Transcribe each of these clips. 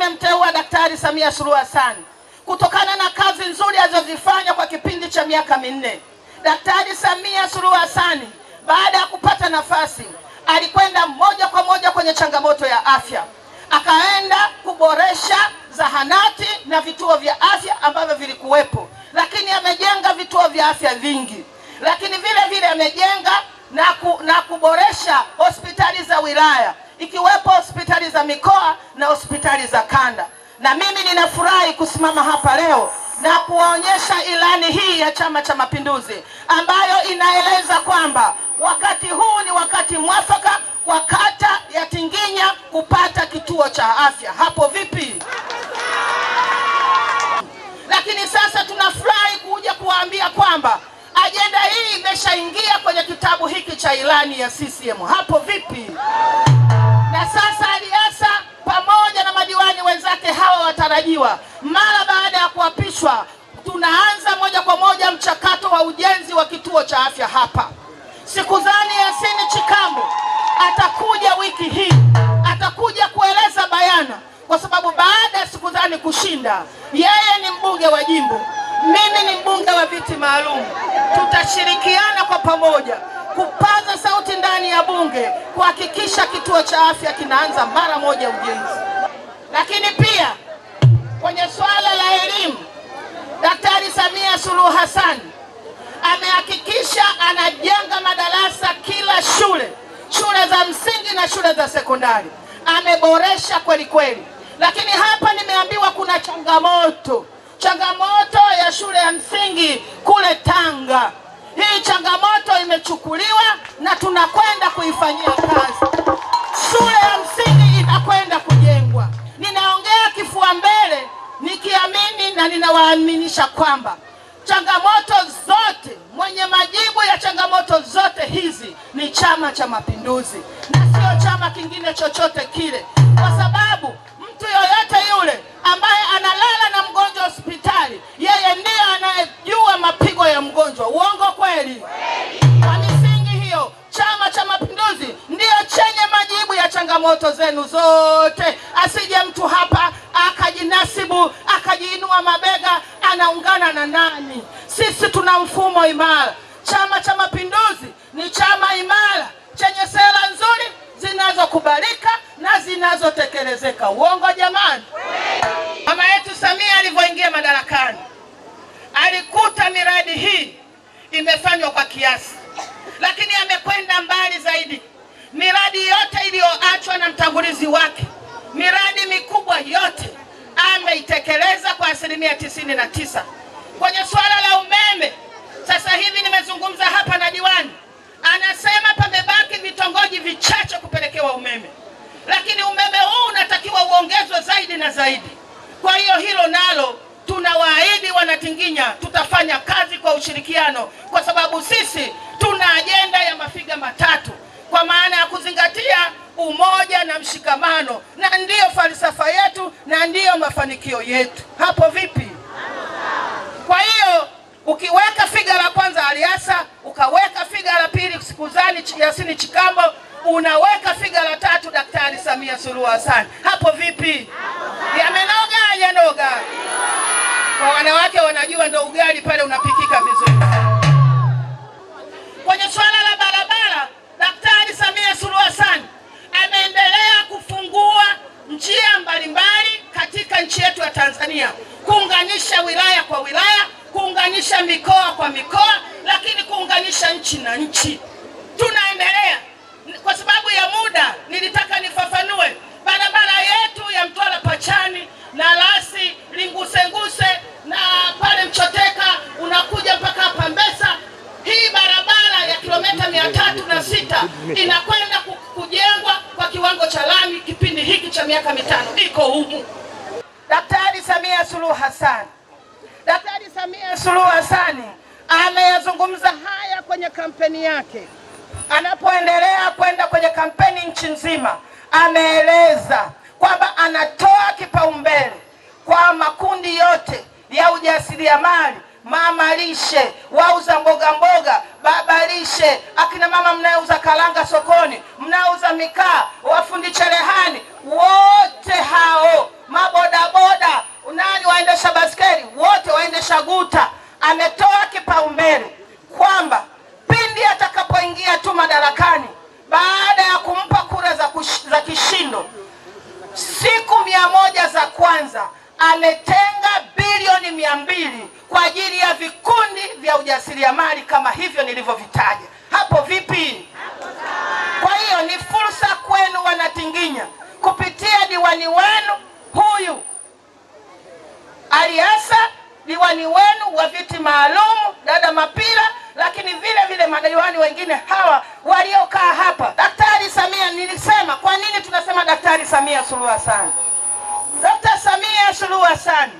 nimemteua Daktari Samia Suluhu Hassan kutokana na kazi nzuri alizozifanya kwa kipindi cha miaka minne. Daktari Samia Suluhu Hassan baada ya kupata nafasi, alikwenda moja kwa moja kwenye changamoto ya afya, akaenda kuboresha zahanati na vituo vya afya ambavyo vilikuwepo, lakini amejenga vituo vya afya vingi, lakini vile vile amejenga na, ku, na kuboresha hospitali za wilaya ikiwepo hospitali za mikoa na hospitali za kanda, na mimi ninafurahi kusimama hapa leo na kuwaonyesha ilani hii ya Chama cha Mapinduzi ambayo inaeleza kwamba wakati huu ni wakati mwafaka kwa kata ya Tinginya kupata kituo cha afya. Hapo vipi? Lakini sasa tunafurahi kuja kuwaambia kwamba ajenda hii imeshaingia kwenye kitabu hiki cha ilani ya CCM. Hapo vipi? na sasa Aliasa pamoja na madiwani wenzake hawa watarajiwa, mara baada ya kuapishwa, tunaanza moja kwa moja mchakato wa ujenzi wa kituo cha afya hapa. Sikudhani Yasini Chikambo atakuja wiki hii, atakuja kueleza bayana, kwa sababu baada ya Sikudhani kushinda, yeye ni mbunge wa jimbo, mimi ni mbunge wa viti maalum, tutashirikiana kwa pamoja kupaza sauti ndani ya bunge kuhakikisha kituo cha afya kinaanza mara moja ujenzi. Lakini pia kwenye swala la elimu, Daktari Samia Suluhu Hassan amehakikisha anajenga madarasa kila shule, shule za msingi na shule za sekondari, ameboresha kweli kweli. Lakini hapa nimeambiwa kuna changamoto, changamoto ya shule ya msingi kule Tanga. Hii changamoto imechukuliwa na tunakwenda kuifanyia kazi. Shule ya msingi inakwenda kujengwa. Ninaongea kifua mbele nikiamini na ninawaaminisha kwamba changamoto zote, mwenye majibu ya changamoto zote hizi ni Chama cha Mapinduzi na sio chama kingine chochote kile, kwa sababu changamoto zenu zote, asije mtu hapa akajinasibu akajiinua mabega anaungana na nani. Sisi tuna mfumo imara. Chama cha Mapinduzi ni chama imara chenye sera nzuri zinazokubalika na zinazotekelezeka. Uongo jamani? Mama yetu Samia alivyoingia madarakani alikuta miradi hii imefanywa kwa kiasi, lakini amekwenda mbali zaidi miradi yote iliyoachwa na mtangulizi wake, miradi mikubwa yote ameitekeleza kwa asilimia tisini na tisa. Kwenye suala la umeme, sasa hivi nimezungumza hapa na diwani, anasema pamebaki vitongoji vichache kupelekewa umeme, lakini umeme huu unatakiwa uongezwe zaidi na zaidi. Kwa hiyo hilo nalo tunawaahidi Wanatinginya, tutafanya kazi kwa ushirikiano, kwa sababu sisi tuna ajenda ya mafiga matatu kwa maana ya kuzingatia umoja na mshikamano, na ndiyo falsafa yetu na ndiyo mafanikio yetu. Hapo vipi? Kwa hiyo ukiweka figa la kwanza Aliasa, ukaweka figa la pili sikuzani Yasini Chikambo, unaweka figa la tatu Daktari Samia Suluhu Hassan. Hapo vipi? Yamenoga yanoga Kwa wanawake wanajua, ndo ugali pale unapikika vizuri kwenye swala nchi na nchi. Tunaendelea kwa sababu ya muda, nilitaka nifafanue barabara yetu ya Mtwara Pachani na Lasi Lingusenguse na pale Mchoteka unakuja mpaka hapa Mbesa. Hii barabara ya kilometa mia tatu na sita inakwenda kujengwa kwa kiwango cha lami kipindi hiki cha miaka mitano, iko humu. Daktari Samia Suluhu Hassan, Daktari Samia Suluhu hasani ameyazungumza haya kwenye kampeni yake. Anapoendelea kwenda kwenye kampeni nchi nzima, ameeleza kwamba anatoa kipaumbele kwa makundi yote ya ujasiriamali, mama lishe, wauza mboga mboga, baba lishe, akina mama mnayeuza karanga sokoni, mnauza mikaa, wafundi cherehani wo ametenga bilioni mia mbili kwa ajili ya vikundi vya ujasiriamali kama hivyo nilivyovitaja hapo. Vipi? Kwa hiyo ni fursa kwenu Wanatinginya, kupitia diwani wenu huyu Aliasa, diwani wenu wa viti maalum dada Mapira, lakini vile vile madiwani wengine hawa waliokaa hapa. Daktari Samia, nilisema kwa nini tunasema Daktari Samia Suluhu Hassan. Suluhu Hassan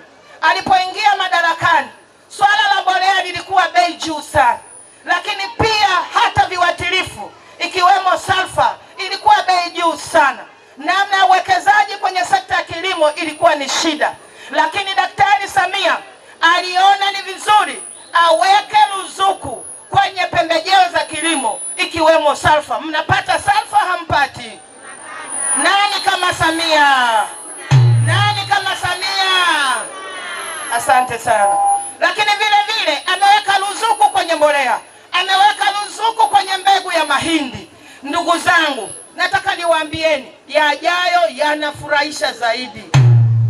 alipoingia madarakani, swala la mbolea lilikuwa bei juu sana, lakini pia hata viwatilifu ikiwemo salfa ilikuwa bei juu sana. Namna ya uwekezaji kwenye sekta ya kilimo ilikuwa ni shida, lakini Daktari Samia aliona ni vizuri aweke ruzuku kwenye pembejeo za kilimo ikiwemo salfa. Mnapata salfa hampati? Nani kama Samia? asante sana. Lakini vile vile ameweka ruzuku kwenye mbolea, ameweka ruzuku kwenye mbegu ya mahindi. Ndugu zangu, nataka niwaambieni yajayo yanafurahisha zaidi.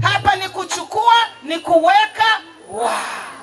Hapa ni kuchukua, ni kuweka. Wow.